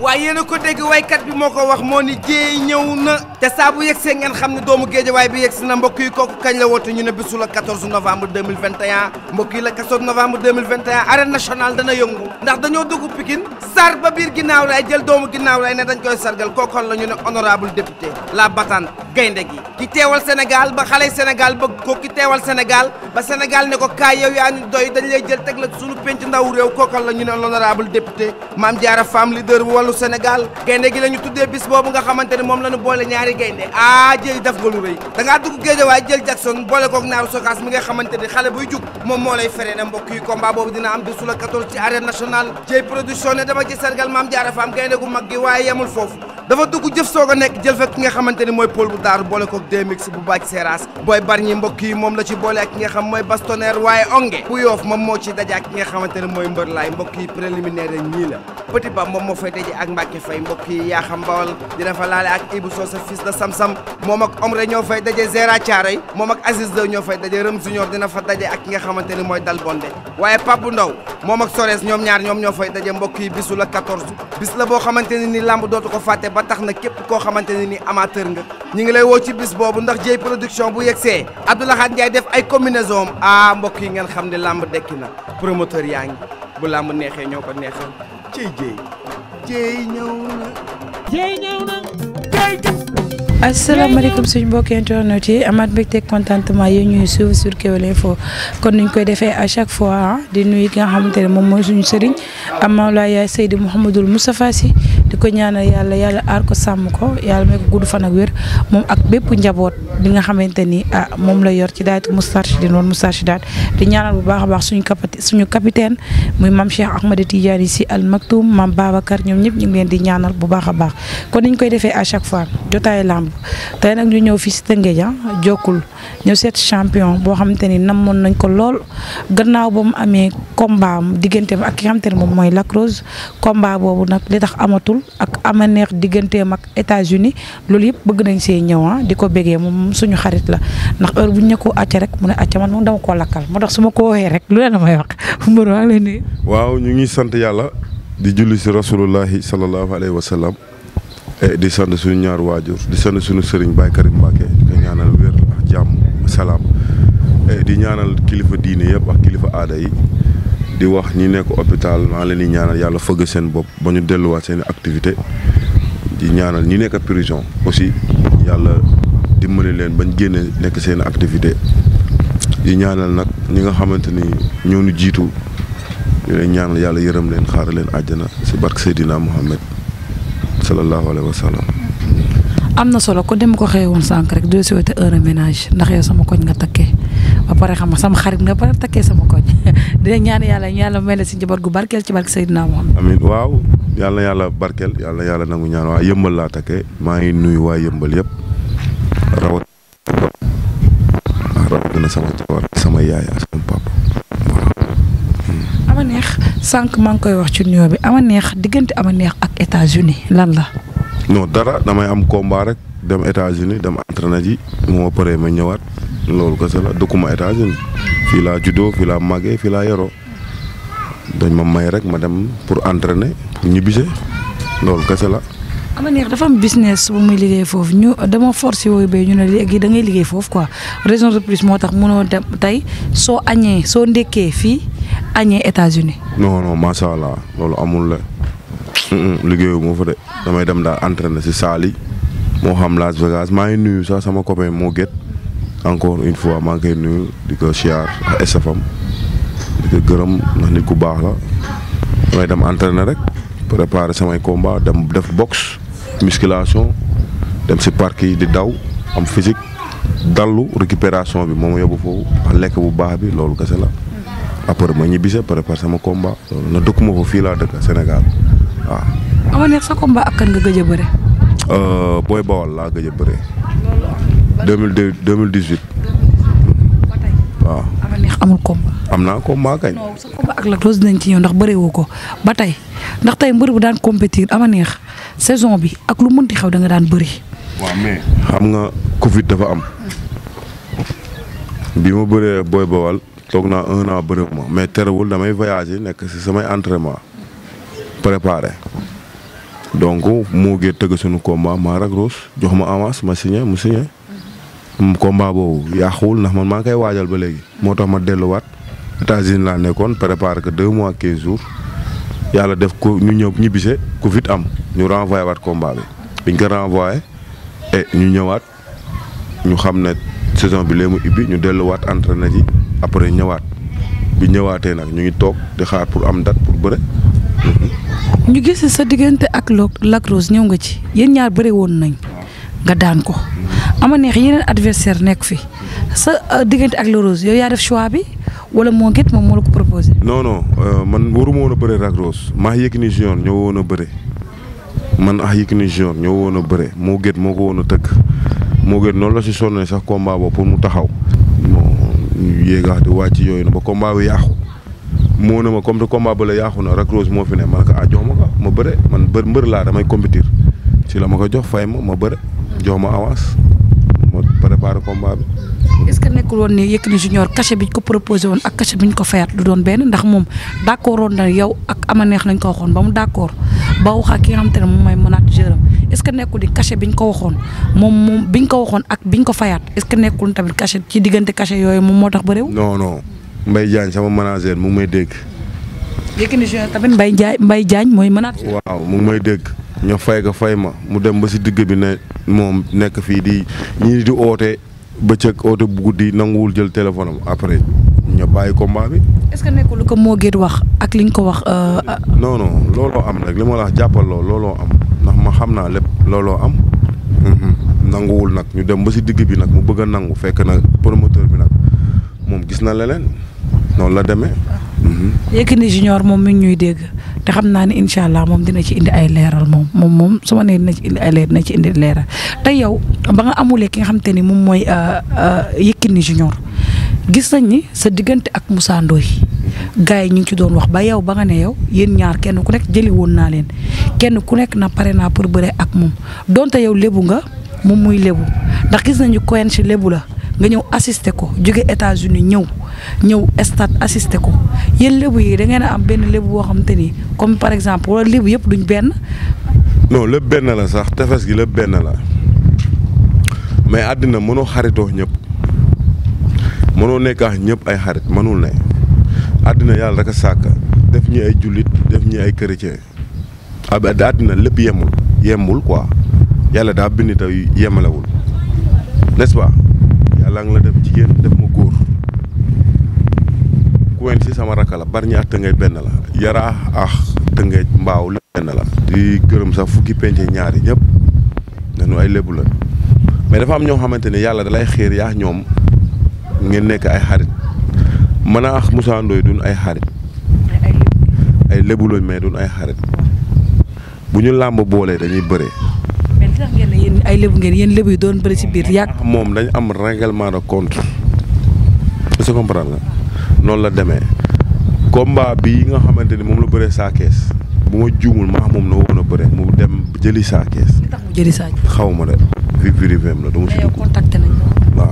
waaye yéen a ko dégg waykat bi moo ko wax moo ni jéey ñëw na te saa bu yegsee ngeen xam ne doomu géejawaay bi yegsi na mbokk yi kooku kañ la woote ñu ne bisu la 14 novembre 2021 mbokk yi la 14 novembre 2021 arène nationale dana yëngu ndax dañoo dugg Pikine sar ba biir ginnaaw lay jël doomu ginnaaw lay ne dañ koy sargal kookoon la ne honorable député la bataan gaynde gi ki teewal Sénégal ba xale Sénégal bëgg ko ki teewal senegal ba senegal ne ko kaay yow yaa ñu doy dañ lay jël teg la sunu penc ndaw réew kookoon la ñu ne honorable député Mame Diarra Fam askanu Sénégal gaynde gi la ñu tuddee bis boobu nga xamante ne moom la ñu boole ñaari gaynde ah jëy def nga lu rëy da ngaa dugg géejawaay jël Jackson boole kook naaru sokaas mi nga xamante xale buy jug moom moo la 14 ci arène nationale jëy a nekk jël fa ki nga mooy pôle bu daaru boole kook demix bu bàcc seeraas booy bar ñi mbokk moom la ci boole ak nga xam mooy bastonnaire waaye onge bu yoof moom moo ci dajaak nga xamante mooy mbër laay mbokk yi ñii la petit ba moom moo fay daje ak Mbacke Faye mbokk yi yaa xam bawal dina fa laale ak Ibou Sosa fils de Samsam moom ak Omre ñoo fay daje Zera Thiaray moom ak Aziz Lo ñoo fay daje Rëm Junior dina fa daje ak ki nga xamante ni mooy Dal Bondé waaye Pape Ndaw moom ak Sores ñoom ñaar ñoom ñoo fay daje mbokk yi bisu la 14 bis la boo xamante ne ni lamb dootu ko fàtte ba tax na képp koo xamante ne ni amateur nga ñi ngi lay woo ci bis boobu ndax jëy production bu yegsee Abdoulahad Ndiaye def ay combinaison ah, mbokk yi ngeen xam ne lamb dekki na promoteur yaa ngi bu lamb neexee ñoo ko neexal ciy jéey jéy ñëw na. jéy ñëw na. jéy asalaamaaleykum suñu mbokki internet yi amaat mbégte contentement yi ñuy suivre sur Kewel Info kon nuñ koy defee à chaque fois di nuyu ki nga xamante ne moom mooy suñu sëriñ Mawlaaya Seydi Mouhamadul Moustapha Sy di ko ñaanal yàlla yàlla aar ko sàmm ko yàlla may ko gudd fan ak wér moom ak bépp njaboot bi nga xamante ni ah moom la yor ci daaytu Moustarchidine wala Moustarchidaat di ñaanal bu baax a baax suñu capitaine suñu capitaine muy maam Cheikh Ahmed Tidiane Sy Al Maktoum maam Babacar ñoom ñëpp ñu ngi leen di ñaanal bu baax a baax kon niñ koy defee à chaque fois jotaay làmb te nag ñu ñëw fii si Tëngéej ah, jokkul ñëw set champion boo xamante ni nam namoon nañ ko lool gannaaw ba mu amee combat am digganteem ak ki nga xamante mooy Lac Rose combat ak ak neex diggante mag États-Unis loolu yëpp bëgg nañ see ñëw ah, di ko bégee moom suñu xarit la ndax heure bu ñu ko acca rek mu ne acca man moom dama koo lakkal moo tax su ma ko waxee rek lu leen may wax Mbour maa ngi lay waaw ñu ngi sant yàlla di julli si rasulullahi sallallahu alayhi wa sallam e, di sant suñu ñaar waajur di sant suñu sëriñ Baye Karim Mbacke di ko ñaanal wér ak jàmm salaam e, di ñaanal kilifa diine yëpp ak kilifa aada yi. di wax ñi nekk hôpital maa leen di ñaanal yàlla fëgg seen bopp ba ñu delluwaat seeni activité di ñaanal ñi nekk prison aussi yàlla dimbali leen bañ génne nekk seen activité di ñaanal nag ñi nga xamante ni ñoo ñu jiitu ñu leen ñaanal yàlla yërëm leen xaar leen àjjana si barke Seydina Mohamed sallallahu alayhi wa sallam. am na solo ko dem ko xëy woon sànq rek doy si wetu heure ménage ndax yow sama koñ nga takkee. ba xam xam sama xarit nga ba takkee sama koñ dina ñaan yàlla yàlla may la si njaboot gu barkeel ci barke Seydina Mohamed. amiin waaw yàlla yàlla barkeel yàlla yàlla nangu ñaan waa yëmbal laa takkee maa ngi nuyu waa yëmbal yëpp rawat rawatina sama neex sànq maa ngi koy wax ci nuyoo bi ama neex diggante ama neex ak États-Unis lan la. non dara damay am combat rek dem États-Unis dem entraîné ji moo paree ma ñëwaat. loolu kese la dëkkuma États-Unis fii laa juddoo fii laa màggee fii laa yoro dañ ma may rek ma dem pour entraîner pour ñibbise loolu kese la. Amanekh dafa am business bu muy liggéey foofu ñu dama force yooyu ba ñu ne léegi da liggéey foofu quoi raison de plus moo tax mënoo dem tey soo añee soo ndekkee fii añee États-Unis non non macha allah loolu amul la liggéeyu moo fa de damay dem daal entraîner si saali moo xam Las Vegas maa ngi nuyu sax sama copain moo gét encore une fois maa ngi koy nuyu di ko siyaar ak SFM di ko gërëm ndax nit ku baax la may dem entraîner rek préparer samay combat dem def box musculation dem si parc yi di daw am physique dallu récupération bi moom yóbbu foofu ak lekk bu baax bi loolu kese la après ma ñibbise préparer sama combat loolu na dëkkuma fa fii laa dëkk Sénégal waaw. ama neex sa combat ak kan nga gëj booy bawal bëre. Euh, 2002 2018. waaw. ama neex amul combat. am naa combat kañ. non sa combat ak ci ñëw ndax bëreewoo ko ba tey ndax tey mbër bu daan compétir ama neex saison bi ak lu mënti xew da daan bëri. waaw mais xam nga Covid dafa am. bi ma bëree booy bawal toog naa un an bëriwuma mais terewul damay voyager nekk si samay entraînement préparé donc moo gën tëgg suñu combat maa Lac Rose jox ma avance ma signé mu signé. combat boobu yàquwul ndax man maa ngi koy waajal ba léegi moo tax ma delluwaat États-Unis laa nekkoon prépare que deux mois quinze jours yàlla def ko ñu ñëw ñibbise ku fit am ñu renvoyé waat combat biñ ko renvoyé et ñu ñëwaat ñu xam ne saison bi lee mu ibbi ñu delluwaat entraîné ji après ñëwaat bi ñëwaatee nag ñu ngi toog di xaar pour am date pour bëre. ñu gis sa diggante ak Lac Rose ñëw nga ci yéen ñaar bëre woon nañ nga daan ko. ama neex yeneen adversaire nekk fi sa euh, diggante ak Lac Rose yow yaa def choix bi wala moo gét moom moo la ko proposé. non euh, man waruma woon a bëre Lac maa Yékini Junior ñoo a bëre man ah Yékini Junior woon a bëre moo gét moo ko woon a tëgg moo gét noonu la si sonné sax combat pour mu taxaw. bon yéegaax di wàcc yooyu na ba combat bi yàqu moo ne ma comme te combat ba la yàqu na Lac moo fi ne ma ne ko ah jox ma ko ma bëre man bër mbër laa damay compétir ci la ma ko jox fay ma ma bëre jox ma avance. préparé combat bi. est ce que nekkul woon ni Yékini Junior cachet bi ñu ko proposé woon ak cachet bi ñu ko fayaat du doon benn ndax moom d' accord woon na yow ak ama neex lañ ko waxoon ba mu d' accord ba wax ak ki nga xam te ne moom mooy manager am est que nekkul ni cachet bi ñu ko waxoon moom moom bi ñu ko waxoon ak bi ñu ko fayaat est ce que nekkul tamit cachet ci diggante cachet yooyu moom moo tax ba réew. non non Mbaye Diagne sama manager mu ngi may dégg. Yékini Junior tamit Mbaye Diagne Mbaye Diagne mooy manager. waaw mu ngi may dégg. ñoo fay ko fay ma mu dem ba si digg bi ne moom nekk fii di ñii di oote bëccëg oote bu guddi nanguwul jël téléphone après ñoo bàyyi combat bi. est-ce que nekkul lu ko moo gën wax ak liñ ko wax. Euh, ah. non non looloo am rek li ma la jàppal loo looloo am ndax ma xam naa lépp looloo am. Mhm. nanguwul nag ñu dem ba si digg bi nag mu bëgg a nangu fekk na promoteur bi nag moom gis na leneen noonu la demee. Ah. Mhm. Yékini Junior moom mi ñuy dégg. xam naa ne incha allah moom dina ci indi ay leeral moom moom moom su ma nee dina ci indi ay leeral dina ci indi leeral te yow ba nga amulee ki nga xam te ni moom mooy euh, euh, Yékini Junior gis nañ ni sa diggante ak Moussa Ndoye gars yi ñu ngi ci doon wax ba yow ba ne yow yéen ñaar kenn ku nekk jëli woon naa leen kenn ku nekk na pare naa pour bëre ak moom donte yow lébu nga moom muy lébu ndax gis nañu koyen ci lébu la. nga ñëw assisté ko jóge États-Unis ñëw ñëw stade assisté ko yéen lébu yi da ngeen a am benn lébu boo xam te ni comme par exemple wala lébu yëpp duñ benn. non lépp benn la sax tefes gi lépp benn la mais àddina mënoo xaritoo ñëpp mënoo nekkaax ñëpp ay xarit mënul ne àddina yàlla rek a sàkk def ñu ay jullit def ñi ay chrétien ab àddina lépp yemul yemul quoi yàlla daa bind te yemalewul lang la def jigéen def ma góor kuwen si sama rakk la Bargny ak Tëngéej benn la Yaraax ak Tëngéej mbaaw lépp benn la di gërëm sax fukki penc ñaari ñëpp dañu ay lébu mais dafa am ñoo xamante ni yàlla dalay xéer yaa ñoom ngeen nekk ay xarit man a ax Moussa Ndoye ay xarit ay lébu lañ mais duñ ay xarit bu ñu làmb boolee dañuy bëree mais li tax ngeen ne ay lébu ngeen yéen lébu yi doon bëri ci biir yàgg. moom dañ am règlement de compte. est-ce noonu la demee combat bii nga xamante ni moom la bëree saa kees bu ma juumul maa moom na woon a mu dem jëli saa jëli saa kees. xaw ma de vie la du si dugg. contacté nañ ko.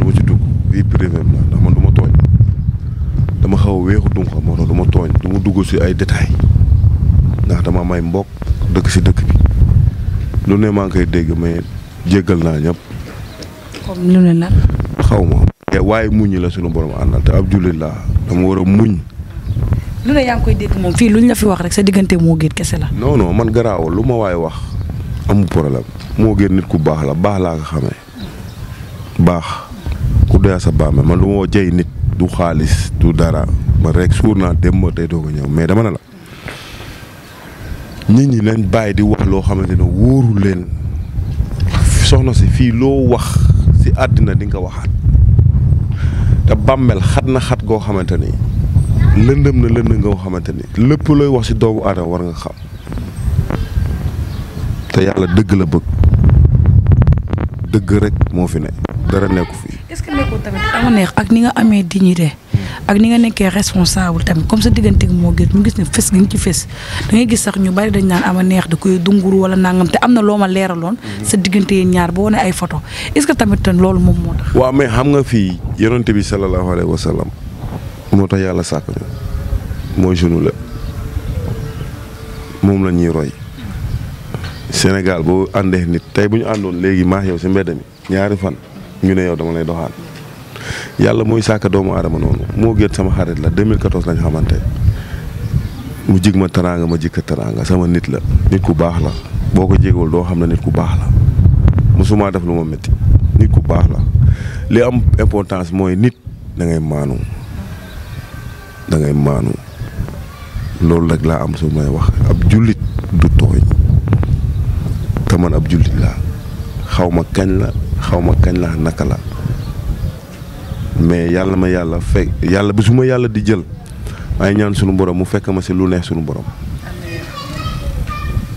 dugg vie la ndax man du ma tooñ dama xaw a weexu dunga moo tax ma tooñ du dugg si ay détails ndax dama may mbokk dëkk si dëkk bi. lu ne maa ngi koy dégg ma jéggal naa ñëpp. comme lu ne la. xaw ma eh, waaye muñ la sunu borom àndal te ab jullit laa dama war a muñ. lu ne yaa koy dégg moom fii luñ la fi wax rek sa diggante moo gën kese la. non man garaaw lu ma waay wax amul problème moo gën nit ku baax la baax laa ko xamee baax ku doya sa baax man lu moo jëy nit du xaalis du dara ma rek suur naa dem ma tey doo ko ñëw mais dama ne la. nit ñi leen bàyyi di wax loo xamante ne wóorul leen soxna si fii loo wax si àddina di nga waxaat te bàmmeel xat na xat goo xamante ni lëndëm na lëndëm nga xamante ni lëpp looy wax si doomu aadama war nga xam te yàlla dëgg la bëgg dëgg rek moo fi ne dara nekku fi. ak ni nga amee dignité ak ni nga nekkee responsable tamit comme sa diggante moo gis ñu gis ne fës ci fës da ngay gis sax ñu bari dañ naan ama neex da koy dunguru wala nangam am na loo ma leeraloon. Mhm. sa diggante yéen ñaar boo wane ay photo est-ce que tamit loolu moom moo tax. waaw mais xam nga fii yonent bi sallallahu alayhi wa sallam moo tax yàlla sàkk ñu mooy sunu moom la ñuy roy. Sénégal boo àndee nit tey bu ñu àndoon léegi maax yow si mbedd mi ñaari fan ñu ne yow dama lay doxaan. yàlla mooy sàkk doomu aadama noonu moo gën sama xarit la 2014 lañ xamante mu jig ma teraanga ma jikka teraanga sama nit la nit ku baax la boo ko jégewul doo xam ne nit ku baax la mosuma def lu ma métti nit ku baax la li am importance mooy nit dangay maanu da ngay loolu rek laa am su may wax ab jullit du tooñ te man ab jullit la xaw ma kañ la xaw ma kañ la naka la mais yàlla ma yàlla fekk yàlla bu su yàlla di jël ay ñaan sunu borom mu fekk ma si lu neex sunu borom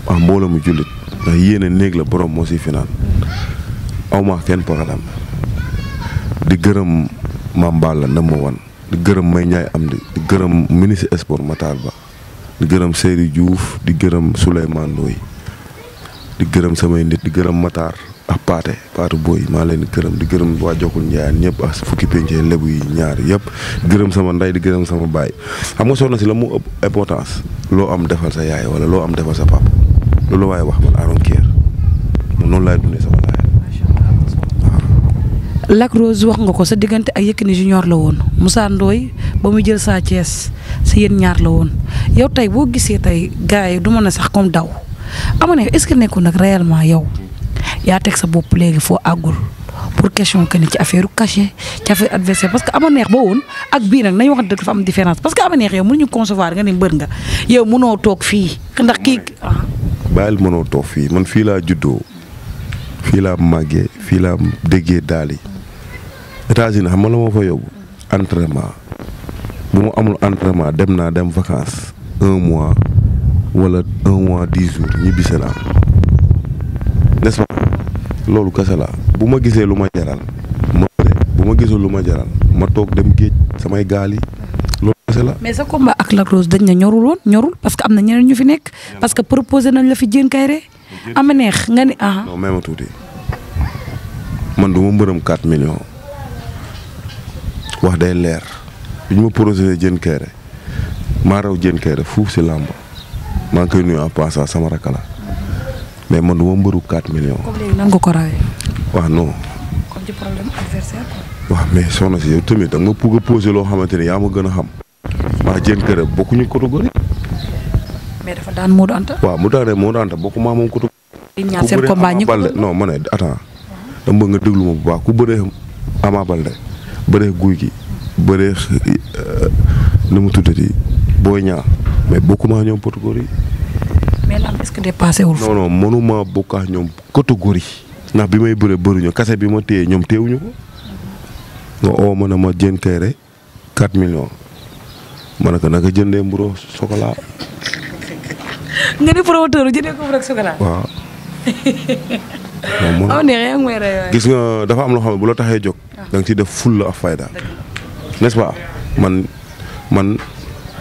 wax mbooloo mu jullit ndax yéene néeg la borom moo si finaan awma kenn programme di gërëm Mame Balla ma wan di gërëm May Ndiaye am di gërëm ministre sport Matar Ba di gërëm seeri juuf di gërëm Souleymane Ndoye di gërëm samay nit di gërëm Matar ak paate paate booy maa leen di gërëm di gërëm waa Jokkul Njaayaan ñëpp ak fukki penc lebu yi ñaar yëpp gërëm sama ndey di gërëm sama baay xam nga soxna si la mu ëpp importance loo am defal sa yaay wala loo am defal sa papa loolu waaye wax man aaron kéer man noonu laay dundee sama laay. Lac Rose wax nga ko sa diggante ak Yékini Junior la woon Moussa ndooy ba muy jël saa Thiès si yéen ñaar la woon yow tey boo gisee tey gars yi du mën a sax comme da amoon est yaa teg sa bopp léegi foo àggul pour question que ni ci affaire cachet ci affaire adversaire parce que ama neex boo woon ak bii nag nañu wax dëgg dafa am différence parce que a neex yow mënuñu concevoir nga ne mbër nga yow mënoo toog fii ndax kii. Ah. bàyyil mënoo toog fii man fii laa juddoo fii laa màggee fii laa déggee daali yi États-Unis xam nga la moo fa yóbbu entraînement bu mu amul entraînement dem naa dem vacances un mois walla un mois dix jours ñibbi si naa loolu kese bu ma gisee lu ma jaral ma bëre bu ma gisul lu ma jaral ma toog dem géej samay gaal yi loolu kese la. mais sa combat ak Lac dañ na ñorul woon ñorul parce que am na ñeneen ñu fi nekk. parce que proposé nañ la fi Diène Kairé. am neex nga ne ah. non même tuuti man du ma mbërëm 4 millions wax day leer bi ñu ma proposé Diène Kairé maa raw Diène Kairé fuuf si làmb maa ngi koy nuyu en passant sama rakala mais man du ma mbëru 4 millions. comme léegi nan ko rawee. waaw non. mais soxna si yow tamit da ma bëgg a posé loo xamante ne yaa ma gën a xam. maa jën kër bokkuñu catégorie. mais dafa daan Modou Anta. waaw mu daanee Modou Anta bokku maa moom catégorie. ñaar seen combat ñi ko non ma ne attends. dama bëgg nga déglu ma bu baax ku bëree Ama Baldé bëree guy gi bëree euh, nu mu tuddati booy ñaar mais bokku maa ñoom catégorie mais lamb que dépassé wul. non non bi may bëre bëruñu kase bi ma téye ñoom téewuñu ko nga oo ma ne jën kay naka jëndee mburu chocolat. nga gis nga dafa am loo xam ne bu la taxee jóg. Ah. da ci def fulla ak fayda nest pas man.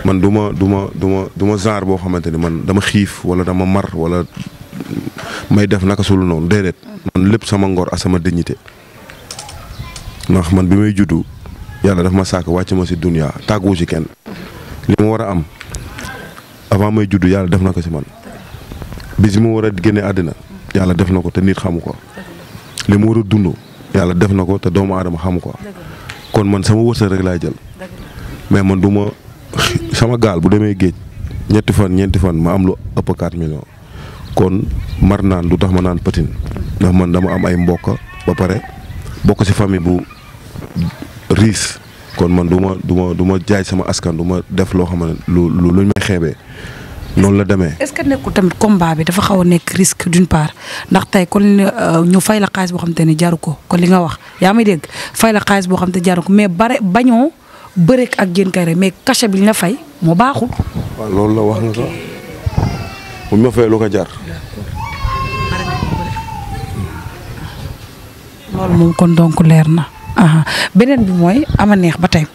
man du ma du ma du ma du genre boo xamante ni man dama xiif wala dama mar walla may def naka sulu noonu déedéet. man lépp sama ngor ak sama dignité ndox man bi may juddu yàlla daf ma sàkk wàcc ma si dunya tàgguwu si kenn. li ma war a am avant may juddu yàlla def na ko si man bis mu war a génne àddina yàlla def na ko te nit xamu ko li mu war a dund yàlla def na ko te doomu aadama xamu ko kon man sama wërsëg rek laay jël mais man du sama gaal bu demee géej ñetti fan ñeenti fan ma am lu ëpp 4 millions kon mar naan du tax ma naan pëtin ndax man dama am ay mbokk ba pare bokk ci famille bu riis kon man du ma du ma du jaay sama askan ma def loo xam ne lu lu luñ may xeebee noonu la demee. est-ce que nekkul tamit combat bi dafa xaw a nekk risque d'une part ndax tey kon euh, ñu fay la xaalis boo xam te ne jaru ko kon li nga wax yaa may dégg fay la xaalis boo xam te ne jaru ko mais bare bañoo bëreek ak Diène Kairé mais cachet bi ñu la fay moo baaxul. loolu la wax na sax bu ñu ma fayee lu ko jar. kon donc leer na ah, beneen bi mooy am a neex ba tey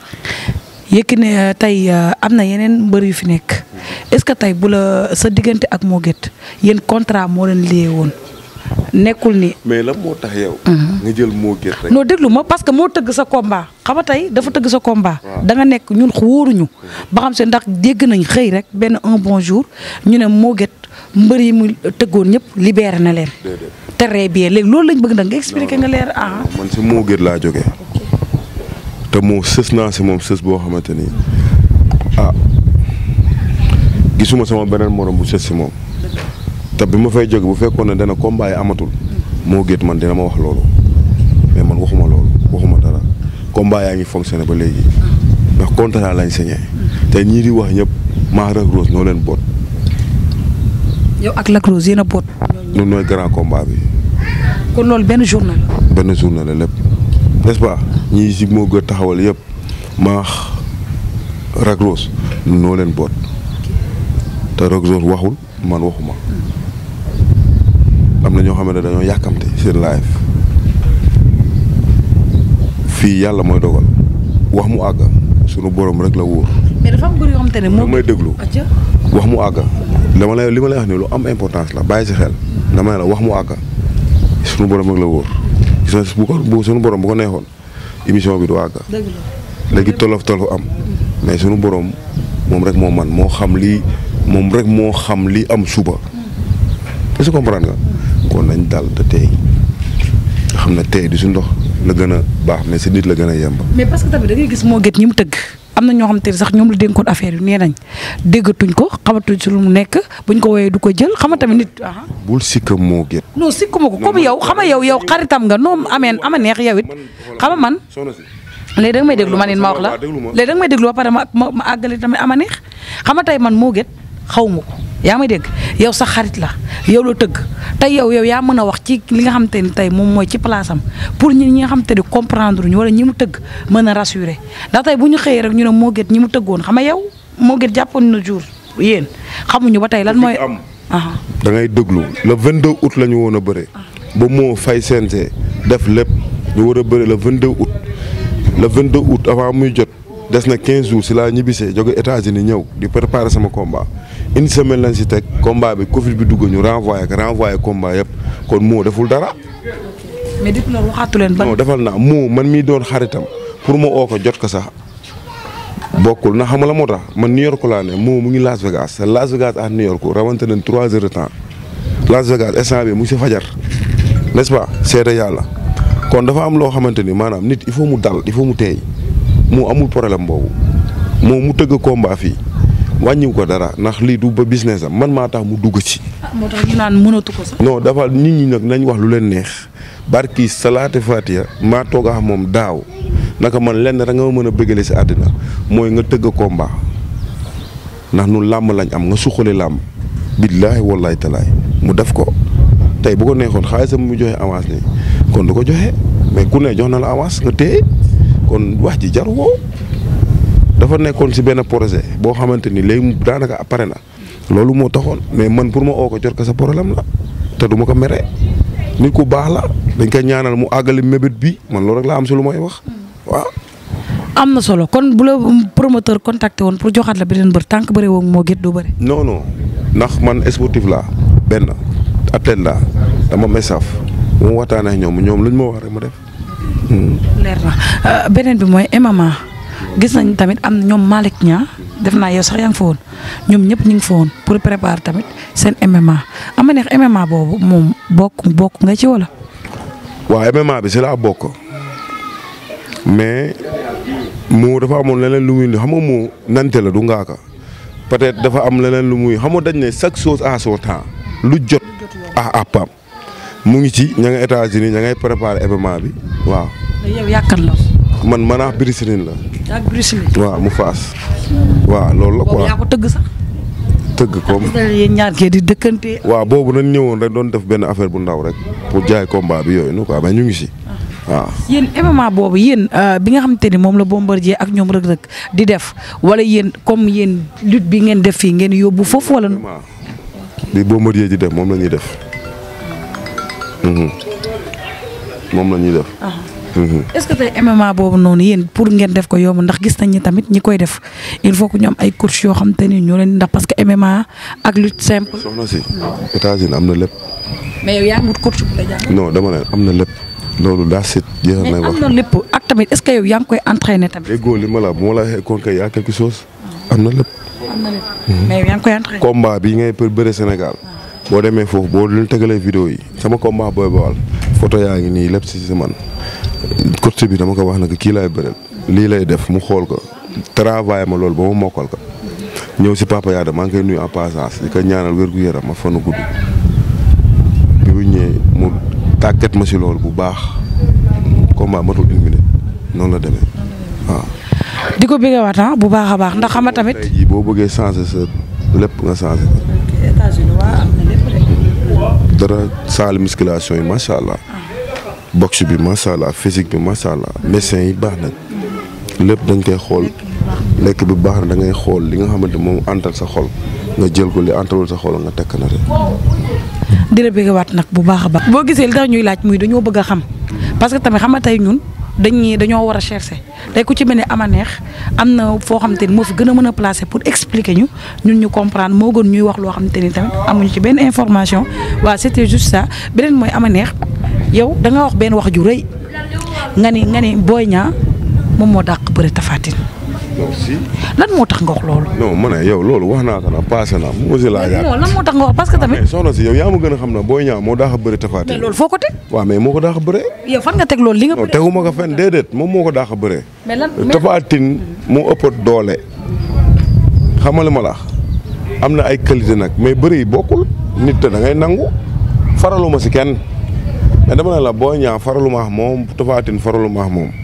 Yékini euh, tey euh, am na yeneen mbër yu fi nekk est-ce que tey bu la sa diggante ak Mo Gates yéen contrat moo leen lié woon. nekkul ni. mais lan moo tax yow. Mhm. jël moo gën rek. déglu ma parce que moo tëgg sa combat xam tey dafa tëgg sa combat. da nekk ñun wóoruñu. Mhm. ba xam si ndax dégg nañ xëy rek benn un bon jour ñu ne moo gën mbër yi mu tëggoon ñëpp libéré na leen. très bien léegi loolu lañ bëgg nag nga expliqué nga leer ah. man si moo gën laa jógee te moom sës boo xamante ni ah gisuma sama beneen morom bu sës si moom. te bi ma fay jóge bu fekkoon ne dana combat yi amatul moo géet man dina ma wax loolu mais man waxuma loolu waxuma dara combat yaa ngi fonctionné ba léegi ndax contrat lañ signé te ñii di wax ñëpp maa Lac Rose leen boot. yow ak Lac Rose yéen a boot. ñun ñooy bi. kon loolu benn journée benn journée la lépp n'est-ce pas ñii si moo gën taxawal yëpp maa Lac Rose noo leen boot te Lac Rose waxul man waxuma. am na ñoo xam ne dañoo yàkkamte seen live fii yàlla mooy dogal wax mu àgg sunu borom rek la wóor. mais dafa moom may déglu. wax mu àgg dama lay li ma lay wax nii lu am importance la bàyyi si xel. dama ne la wax mu àgga sunu borom rek la wóor gis sunu borom bu ko neexoon émission bi du àgg. léegi tolof tolof am. mais sunu boroom moom rek moo man moo xam li moom rek moo xam lii am suba. est-ce que nga. kon nañ dal te tey nga xam ne tey di su ndox la gën a baax mais si nit la gën a yemb. mais parce que tamit da ngay gis moo gét ñi mu tëgg am na ñoo xam te sax ñoom la dénkoon affaire yi nee nañ déggatuñ ko xamatuñ si lu mu nekk bu buñ ko woyee du ko jël xam nga tamit nit. Ah. bul sikka moo gét. non sikkuma ko comme yow xam nga yow yow xaritam nga noo ameen ama neex yow it xam nga man. léegi da nga may déglu ma nit ma wax la léegi da nga may déglu ma pare ma ma àggale tamit ama neex xam nga tey man moo xaw ma ko yaa may dégg yow sax xarit la yow la tëgg tey yow yow yaa mën a wax ci li nga xamante ni tey moom mooy ci place pour ñi ñi nga xamante ni comprendre ñu wala ñi mu tëgg mën a rassurer ndax tey bu ñu xëyee rek ñu ne moo ñi mu tëggoon xam nga yow moo gét jàppoon na jour yéen xamuñu ba tey lan mooy. da ngay déglu le 22 août la ñu woon a bëre. ba moo fay CNG def lépp ñu war a bëre le 22 août le 22 août avant muy jot. des na 15 jours si laa ñibbisee jóge États-Unis ñëw di préparer sama komba une semaine lañ si teg combat bi Covid bi dugg ñu renvoyé ko renvoyé combat yëpp kon moo deful dara. moo defal naa moo man mii doon xaritam pour ma oo ko jot ko sax bokkul na xamala moo tax man New York laa ne moo mu ngi Las Vegas te Las Vegas ak New York rawante nañ 3 heures de temps Las Vegas instant bi mu si fajar n'est-ce pas yàlla kon dafa am loo xamante ni maanaam nit il faut mu dal il faut mu teey mu amul problème boobu moom mu tëgg combat fii wàññiw ko dara ndax lii du ba business man maa tax mu dugg ci. Ah, moo tax ñu naan mënatu ko sax. dafa nit ñi nag nañ wax lu leen neex barki salaate fatiya maa toog moom daaw naka man lenn rek nga mën a bëggale si àddina mooy nga tëgg combat ndax nu làmb lañ am nga suqali làmb. billaahi wallaahi talaay mu def ko tey bu ko neexoon xaalisam mu joxe avance nii kon du ko joxe mais ku ne jox na la avance nga téye. kon wax ji jaru woo dafa nekkoon si benn projet boo xamante ni léegi daanaka pare na loolu moo taxoon mais man pour ma oo ko jot ko sa problème la te du ma ko mere nit ko baax la dañ ko ñaanal mu àggali mébét bi man loolu rek laa am si lu may wax am na solo kon bu la promoteur contacté woon pour joxaat la beneen bër tànk bëre woon moo gét du bëre. non non ndax man sportif laa benn athlète laa dama may moo bu ma waxtaanee ñoom ñoom luñ ma wax rek ma def. leer na euh, beneen bi mooy MMA gis nañ tamit am ñoom Malick Niang def naa yow sax yaa ngi ñoom ñëpp ñu ngi fa pour préparer tamit seen MMA am na boobu moom bokk bokk nga ci wala. waaw MMA bi si laa bokk mais moo dafa amoon leneen lu muy xam nga moo nante la du ngaaka peut-être dafa am leneen lu muy xam nga dañ ne chaque chose à son temps lu jot. ah àppam mu ngi ci ña nga États-Unis ña ngay préparer bi waaw. yow yàkkat la. man manaax birisilin la. ak birisilin. waaw mu faas. waaw loolu la quoi yaa ko tëgg sax. tëgg comme yéen ñaar kee di dëkkante. waaw boobu nañ ñëwoon rek doon def benn affaire bu ndaw rek pour jaay combat bi yooyu nu quoi mais ñu ngi si. Ah. waaw yéen MMA boobu yéen euh, bi nga xamante ni moom la Bombardier ak ñoom Reug Reug di def wala yéen comme yéen lutte bi ngeen def fii ngeen yóbbu foofu wala. bi Bombardier di def moom lañuy ñuy def. Ah. Mhm. moom la ñuy def. Ah. Mm-hmm. est-ce que tey MMA boobu noonu yéen pour ngeen def ko yomb ndax gis nañ ni tamit ñi koy def il faut que ñoom ay coach yoo xam ni ñoo leen ndax parce que MMA ak lutte simple. si États-Unis am na lépp. mais yow am na lépp. loolu daa lépp ak tamit est-ce que yow yaa ngi koy entraîner tamit. déggoo li ma la bu ma la waxee kon kay yaa quelque chose. am mm-hmm. bi ngay për bëre Sénégal. boo demee foofu boo leen tëgalee vidéo yi sama combat booy bawal photo yaa ngi nii lépp si si man coach bi dama ko wax nag kii laay bëreel lii lay def mu xool ko travail ma loolu ba ma mokkal ko ñëw si papa Yada maa ngi koy nuyu en passage di ko ñaanal wér gu yaram ma fanu gudd bi mu ñëwee mu tàggat ma si loolu bu baax combat matul une minute noonu la demee waaw. di ko bëggee waat ah, bu baax a baax ndax xam nga tamit. tey boo bëggee changer sa lépp nga changer. États-Unis waa dara salle musculation yi macha allah. Ah. boxe bi macha allah physique bi macha allah médecin yi baax na lépp dañ koy xool lekk bi baax na da ngay xool li nga xamante moom àntal sa xol nga jël ko li àntalul sa xol nga tekk na rek. dina bëgg waat nag bu baax a baax. boo gisee li tax ñuy laaj muy dañoo bëgg a xam parce que tamit xam nga tey ñun. dañuy dañoo war a chercher tey ku ci mel ne ama neex am na foo xam te ni moo fi gën a mën a placer pour expliquer ñu ñun ñu comprendre moo gën ñuy wax loo xam te ni tamit amuñu ci benn information waaw c'était juste ça beneen mooy ama neex yow da nga wax benn wax ju rëy nga ni nga ni Boy Niang moom moo dàq bëre Tapha non si. lan moo tax nga wax loolu. non ma ne yow loolu wax naa ko na passé na mu si laa. non lan nga wax parce que tamit. soxna si yow yaa ma gën a xam na boo Niang moo daax a bëri Tapha Tine. mais loolu foo ko ko daax a bëree. yow fan nga teg loolu li nga. bëree tegu ma ko fenn déedéet moom moo ko daax a bëree. mais moo ëpp doole. xamal ma la am na ay qualité nag mais bëri yi bokkul nit te da ngay nangu faraluma si kenn mais dama ne la Boy Niang faraluma ak moom Tapha Tine moom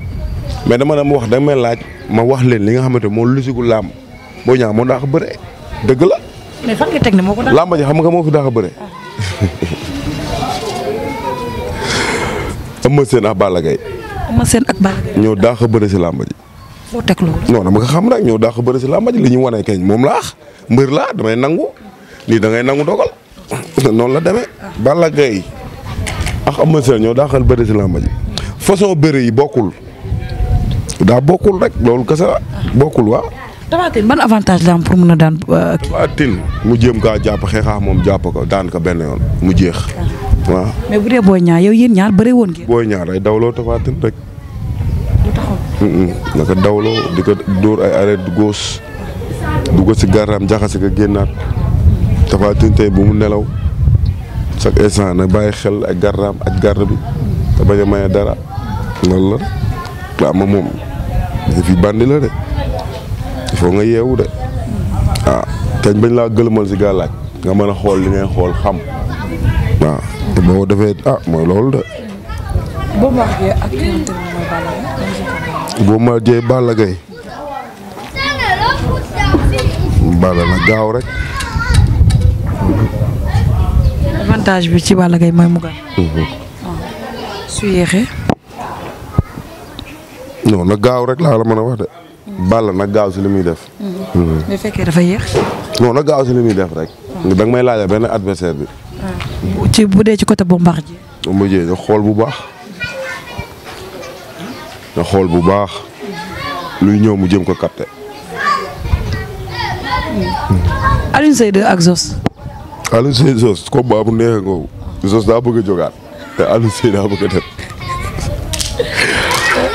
mais dama dem wax danga may laaj ma wax leen li nga xamante moo gu làmb boo ñaa moo daax a bëre dëgg la. mais fan nga teg ji xam nga moo fi daax a bëre. Ah. Eumeu ak a bëre si làmb ji. foo teg loolu. non dama xam rek ñoo daax a bëre si làmb ji li ñu wane kañ moom laax mbër laa damay nangu lii da ngay nangu dogal noonu la demee. Balla Gaye ak Eumeu Sène ñoo daaxal bëre si làmb ji façon bëre yi bokkul. daa bokkul rek loolu kese bokkul waa Tapha Tine ban avantage la pour mën a daan euh, kii. Tapha Tine mu jéem kaa jàpp xeexaax moom jàpp ko daan ko benn yoon mu jeex. Ah. waaw mais bu dee Boy Niang yow yéen ñaar bëre woon ngeen. Boy Niang day dawloo Tapha Tine rek. du naka dawloo di ko dóor ay arrêt du gauche du ko si garam jaxase ko génnaat Tapha Tine tey bu mu nelaw chaque instant na bàyyi xel ak garam ak garde te bañ a maye dara loolu moom. fi bandi la de il nga yeewu de waaw ah, kañ bañ laa gëlëmal si gàllaaj nga mën a xool li ngay xool xam waaw te defee ah mooy loolu de. Bombardier ak Bombardier Balla Gaye Balla na gaaw rek. avantage bi ci Balla Gaye mooy mu gaaw. Mhm. Ah. su yéexee. non na gaaw rek laa la mën a wax de. Balla na gaaw si li muy def. bu mm-hmm. mm-hmm. fekkee na gaaw si li muy def rek. Mm-hmm. da nga may laajal benn adversaire bi. Ah. ci bu dee ci côté Bombardier. Bombardier da xool bu baax. da xool bu baax. luy ñëw mu jëm ko capté. Alioune Seye ak Zos. Alioune Seye Zos combat bu neexee ngoogu Zos daa bëgg a jógaat te Alioune Seye daa bëgg a dem.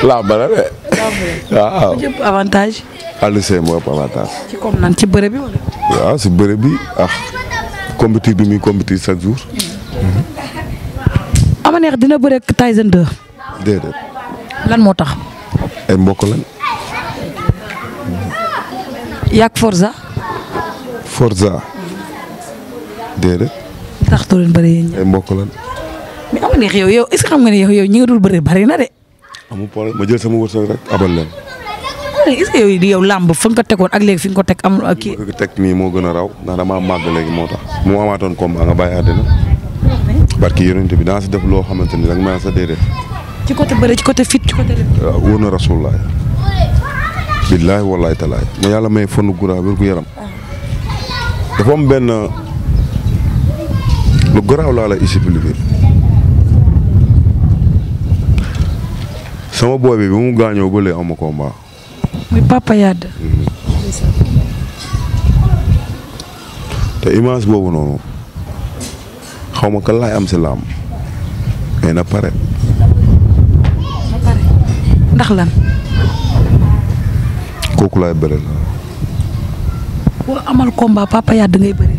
làmb la de. waaw avantage. Aliou Seye moo avantage. ci comme nan ci bi waaw si bëre bi ah compétir bi muy compétir chaque jour. ama neex dina bëre ak Tyson 2. déedéet. lan moo tax. ay mbokk lañ. yàgg Forza. Forza. déedéet. tax doo leen bëri yéen ay mbokk lañ. mais ama neex yow yow est xam nga ne yow yow ñi dul bëre bari na de. amul problème ma jël sama wërsëg rek abal leen. est-ce ah, yow làmb fa nga ko tegoon ak léegi fi nga ko teg am. kii li ma moo gën a raw ndax damaa màgg léegi moo tax mu amaatoon combat nga bàyyi àddina. barki yonent bi daa si def loo xamante ni rek maa sa déedéet. ci côté bëre ci côté fit ci côté. waaw wóor na rasulullah. billaahi wallaahi talaay ma yàlla may fonu gura wér gu yaram. dafa am benn lu garaaw laa la expliqué. sama booy bi bi mu gaañoo ba léegi amu combat. muy Papa Yade. te image boobu noonu xaw ma kan laay am si laam mais na pare. ndax lan. kooku lay bëri la. boo amal combat Papa Yade ngay bëri.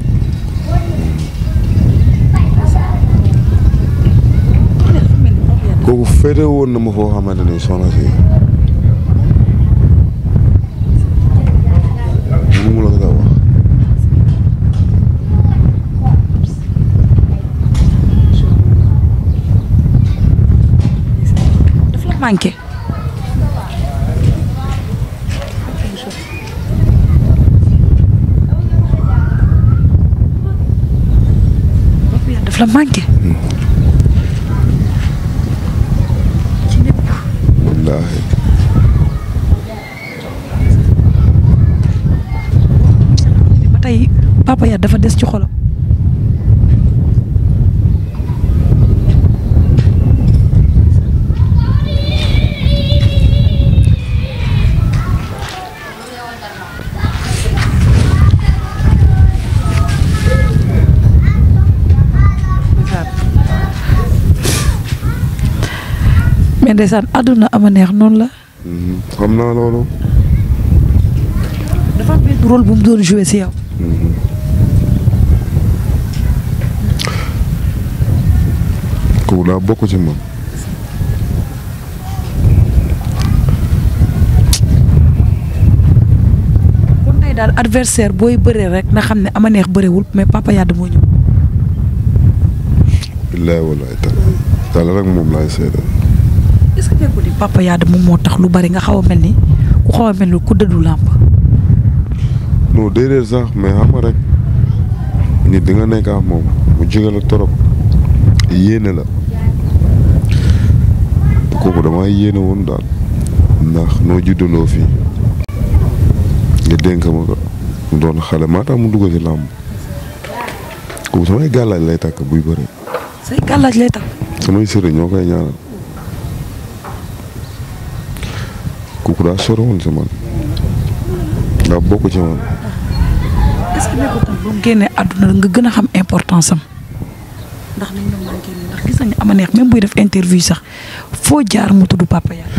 kooku féete woon na ma foo xamante ni soxna si mu mu la ko wax daf la wallaahi ba tey papa ya dafa des ci xolam. mais ndeysaan àdduna ama neex noonu la. Mhm. xam naa loolu. dafa am benn rôle bu mu doon joué si yow. Mhm. kooku daa bokk ci man. kon tey daal adversaire booy bëree rek na xam ne ama neex bëreewul mais Papa Yade moo ñëw. billaay walaay tax daal rek moom laay seedal. fekkee ko ni moom moo tax lu bari nga xaw a mel ni ku xaw a mel ni ku dëddu làmb. non déedéet sax mais xam rek nit di nga nekk moom mu jege la trop yéene la kooku damaa yéene woon daal ndax noo juddandoo fii nga dénk ma ko mu doon xale maa tax mu dugg ci làmb kooku samay gàllaaj lay takk buy bëri. say gàllaaj lay takk. ñoo koy ñaanal. kooku daa soroon si man daa bokk ci man. est-ce nga gën a xam importance am ndax gis nañu ama neex même buy def interview sax foo jaar mu tudd Papa Yade.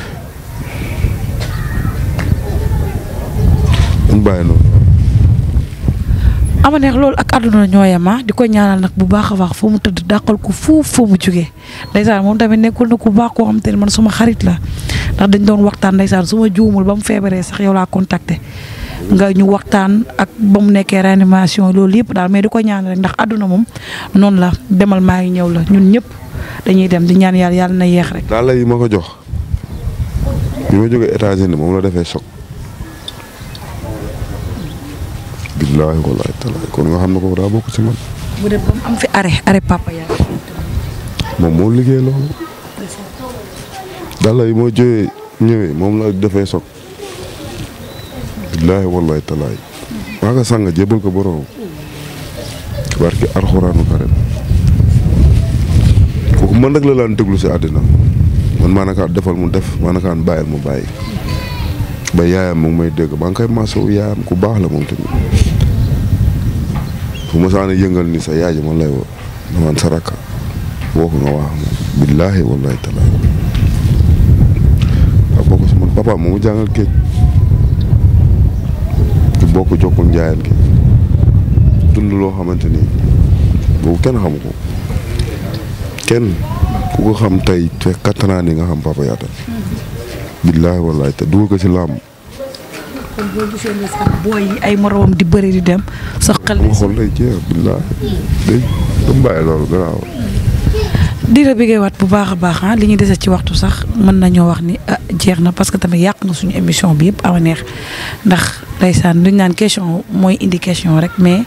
dañ bàyyi noonu. ama neex loolu ak àdduna ñoo yem ah, di ko ñaanal nag bu baax a baax foo mu tëdd dàqal ko foofu foo mu jógee ndeysaan moom tamit nekkul na ku baax koo xam te ne man suma xarit la. ndax dañ doon waxtaan ndeysaan su ma juumul ba mu feebaree sax yow laa nga ñu waxtaan ak ba mu nekkee réanimation loolu yëpp daal mais di ko ñaan rek ndax àdduna moom noonu la demal maa ngi ñëw la ñun ñëpp dañuy dem di ñaan yàlla yàlla na yeex rek. daal la yi ma ko jox bi ma jógee États-Unis moom la defee choc. billaahi wallaahi taalaa kon nga xam ne ko daa bokk ci man. mu am fi arrêt arrêt moom liggéey loolu. Talla yi moo jógee ñëwee moom la defee soog. billaahi wallaahi talaay. maa nga sàng jébal ko borom. barki alxuraanu karim kooku man rek la daan déglu si àddina man maanaam defal mu def maanaam bàyyil mu bàyyi. ba yaayam mu ngi may dégg maa ngi koy maasawu yaayam ku baax la moom tamit fu ma saana yëngal ni sa yaay ji man lay woo damaan saraka woo ko nga wax billaahi wallaahi talaay. papaam moomu jàngal géej du bokk jokkul njaayal gi dund loo xamante ni boobu kenn xamuko kenn ku ko xam tey te kattan yi nga xam Papa Yada. billaahi wallaahi te dugal ko ci làmb. booy ay moromam di bëri di dem. sax xel billaahi day bàyyi loolu gannaaw. di la bëggee waat bu baax a baax ah, li ñu desee ci waxtu sax mën nañoo wax ni ah, jeex na parce que tamit yàq nga suñu émission bi yëpp awa neex ndax ndeysaan luñ naan question mooy indi question rek mais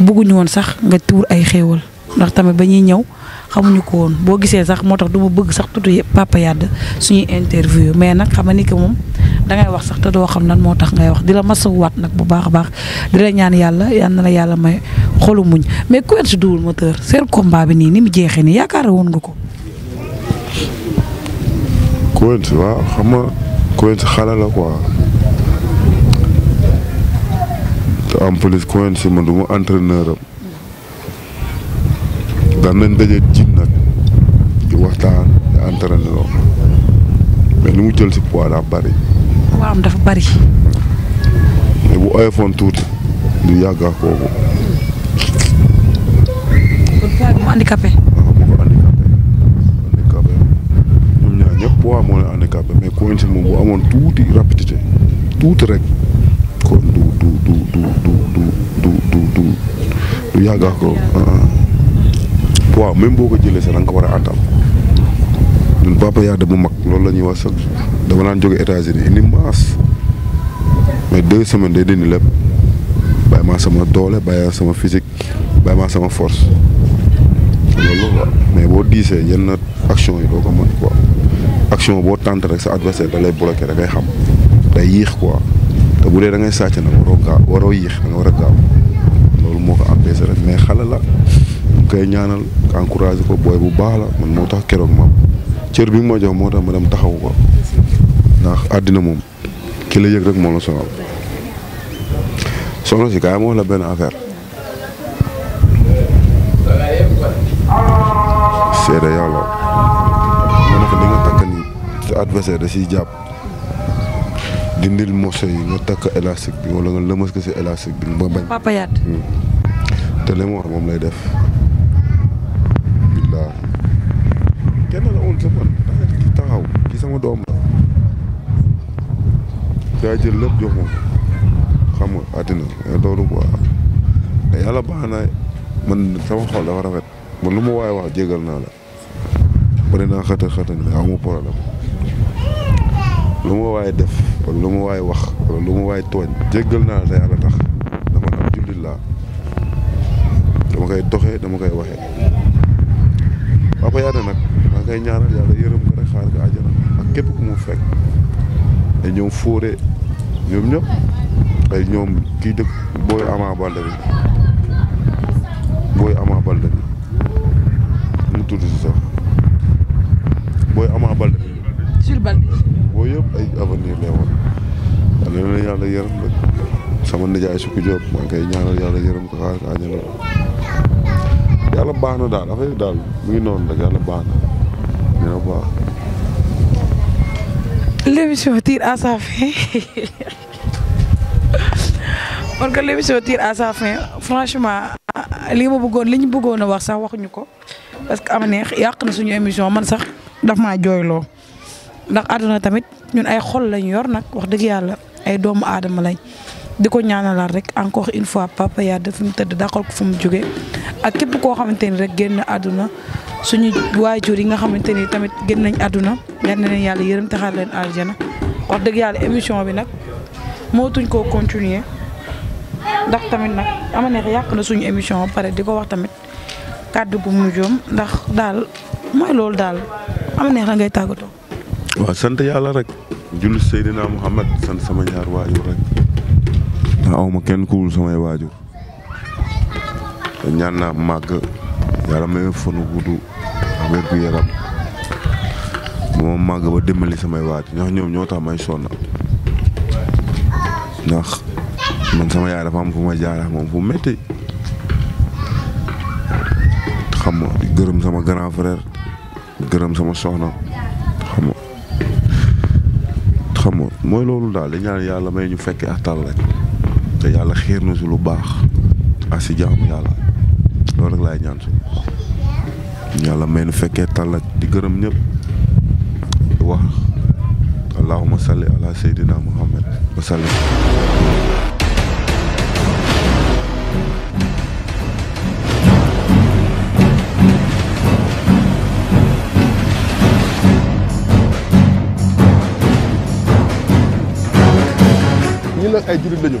bëgguñu woon sax nga tuur ay xéewal ndax tamit ba ñuy ñëw xamuñu ko woon boo gisee sax moo tax du ma bëgg sax tudd Papa Yade suñuy interview mais nag xam ni que moom. dangay wax sax te doo xam nan moo tax ngay wax di la waat nag bu baax a baax di ñaan yàlla yal na la yàlla may xolu muñ mais Quench Double Moteur seen combat bi nii ni mu jeexee nii yaakaar woon nga ko. Quench waaw xam nga Quench xale la quoi te en plus Quench ma entraîneur am daan nañ daje nag di waxtaan di entraîné mais li jël si poids daa bari. poids am dafa bari. bu oyofoon tuuti du yàgg ak kooku. kon poids bi mu handicapé. waaw moo ko handicapé ñoom ñaar ñëpp poids moo leen handicapé mais Quench moom bu amoon tuuti rapidité tuuti rek kon du du du du du du du du du yàgg ak kooku. poids ah, ah. même boo ko jëlee sax da nga ko war a àttal ñun papa yaa da bu mag loolu la ñuy wax sax. dama naan jóge États-Unis indi maas mais deux semaines day dindi lépp bàyyi maa sama doole bàyyi sama physique bàyyi maa sama force loolu quoi mais boo diisee yenn action yi doo ko mën quoi action boo tenté rek sa adversaire da lay bloqué da ngay xam day yéex quoi te bu dee da ngay sàcc na waroo gaaw waroo yéex da nga gaaw loolu moo ko empêché rek mais xale la mu ñaanal encouragé ko booy bu baax la man moo tax keroog maam cër bi mu ma jox moo tax ma dem ko. ndax àddina moom ki la yëg rek moo la sonal soxna si kaay ma la benn affaire seede yàlla ma ne ko li nga takk ni sa adversaire da siy jàpp dindil morceau yi nga takk élastique bi wala nga lëmas ko si élastique bañ hmm. te li mu wax moom lay def billaahi kenn la woon sa man taxaw ci sama doom la daa jël lépp jox moom xam nga àddina loolu quoi te yàlla baax na man sama xol dafa rafet man lu ma waaye wax jégal naa la bëri naa xëtër xëtër ne amu problème lu ma waaye def wala lu ma waaye wax wala lu ma waaye tooñ jégal naa la te yàlla tax dama ab jullit laa dama koy doxee dama koy waxee papa yaa ne nag maa koy ñaanal yàlla yërëm ko rek xaar ko àjjana ak képp ku mu fekk te fóore ñoom ñëpp ay ñoom kii dëkk booy Ama Baldé bi booy Ama Baldé bi nu tudd si sax booy Ama Baldé bi. booy yëpp ay avenir lay woon waaw nee na yàlla yërëm sama nijaay sukk Diop maa ngi koy ñaanal yàlla yërëm ko xaar àññal yàlla baax na daal affaire daal mu ngi noonu rek yàlla baax na l'émission tire à sa fin que l'émission tire à sa fin franchement li ma bëggoon li ñu bëggoon a wax sax waxuñu ko parce que am neex yàq na suñu émission man sax daf maa jooyloo ndax àdduna tamit ñun ay xol lañ yor nag wax dëgg yàlla ay doomu aadama lañ. di ko ñaanalaat rek encore une fois Papa Yade fi mu tëdd dàqal ko fu mu jóge ak képp koo xamante ni rek génn àdduna suñu waajur yi nga xamante ni tamit génn nañ àdduna yal na leen yàlla yërëm taxaar leen aljana wax dëgg yàlla émission bi nag mootuñ koo continuer ndax tamit nag ama yàq na suñu émission pare di ko wax tamit kàddu gu mujjoom ndax daal mooy loolu daal am neex la ngay tàggatoo. waaw sant yàlla rek. julli Seydina Muhammad sant sama ñaar waajur rek. te aw kenn kuwul samay waajur ñaan na màgg yàlla may fanu gudd ak wér gu yaram moom màgg ba dimbali samay waajur ndax ñoom ñoo tax may sonn ndax man sama yaay dafa am fu ma jaar moom fu métti xam nga gërëm sama grand frère gërëm sama soxna xam xam nga mooy loolu daal di ñaan yàlla may ñu fekki ak tal rek te yàlla xéer na su lu baax asi jaamu yàlla loolu rek laay ñaan su yàlla may nu fekkee tal di gërëm ñëpp di allahuma salli ala seydina muhammad wa sallim ñun nag ay jullit lañu